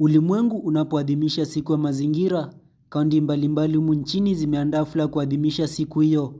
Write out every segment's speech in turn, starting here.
Ulimwengu unapoadhimisha siku ya mazingira, kaunti mbalimbali humu nchini zimeandaa hafla kuadhimisha siku hiyo.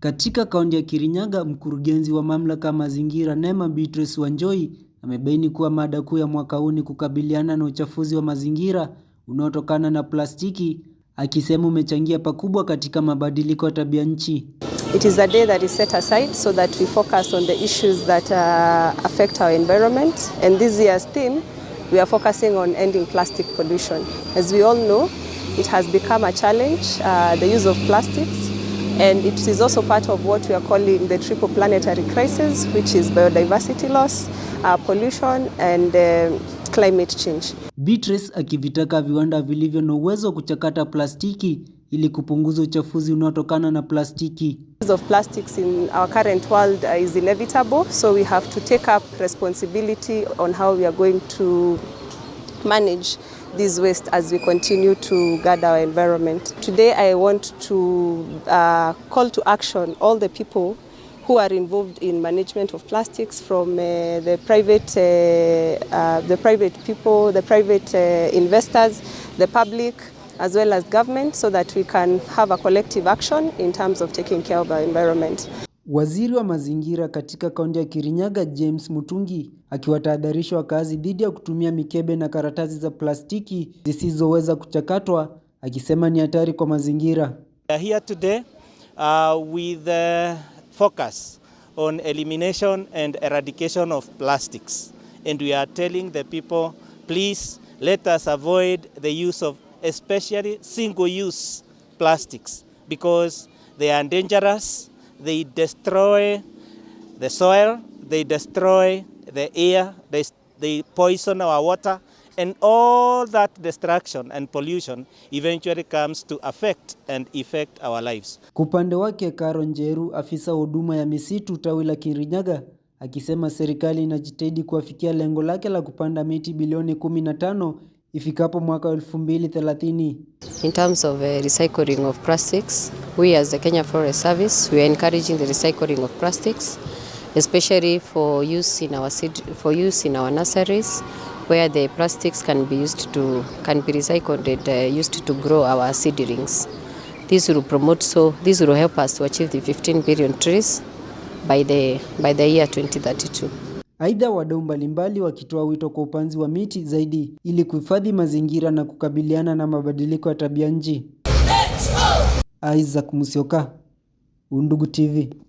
Katika kaunti ya Kirinyaga, mkurugenzi wa mamlaka ya mazingira NEMA, Beatrice Wanjoi, amebaini kuwa mada kuu ya mwaka huu ni kukabiliana na uchafuzi wa mazingira unaotokana na plastiki, akisema umechangia pakubwa katika mabadiliko ya tabia nchi. It is a day that is set aside so that we focus on the issues that uh, affect our environment. And this year's theme, we are focusing on ending plastic pollution. As we all know, it has become a challenge, uh, the use of plastics. And it is also part of what we are calling the triple planetary crisis, which is biodiversity loss, uh, pollution and uh, climate change. Beatrice akivitaka viwanda vilivyo na uwezo wa kuchakata plastiki ili kupunguza uchafuzi unaotokana na plastiki use of plastics in our current world uh, is inevitable, so we have to take up responsibility on how we are going to manage this waste as we continue to guard our environment. Today I want to uh, call to action all the people who are involved in management of plastics from uh, the private uh, uh, the private people, the private uh, investors, the public as well as government so that we can have a collective action in terms of taking care of our environment. Waziri wa mazingira katika kaunti ya Kirinyaga James Mutungi akiwatahadharisha wakazi dhidi ya kutumia mikebe na karatasi za plastiki zisizoweza kuchakatwa akisema ni hatari kwa mazingira. We are here today uh, with the uh, focus on elimination and eradication of plastics and we are telling the people please let us avoid the use of especially single-use plastics because they are dangerous, they destroy the soil, they destroy the air, they, they poison our water, and all that destruction and pollution eventually comes to affect and affect our lives. Kwa upande wake, Karo Njeru, afisa huduma ya misitu tawi la Kirinyaga, akisema serikali inajitahidi kuafikia lengo lake la kupanda miti bilioni 15 ifikapo mwaka 2030. In terms of uh, recycling of plastics, we as the Kenya Forest Service, we are encouraging the recycling of plastics especially for use in our seed, for use in our nurseries where the plastics can be used to can be recycled and uh, used to grow our seedlings. This will promote so this will help us to achieve the 15 billion trees by the by the year 2032. Aidha, wadau mbalimbali wakitoa wito kwa upanzi wa miti zaidi ili kuhifadhi mazingira na kukabiliana na mabadiliko ya tabia nchi. Isaac Musyoka, Undugu TV.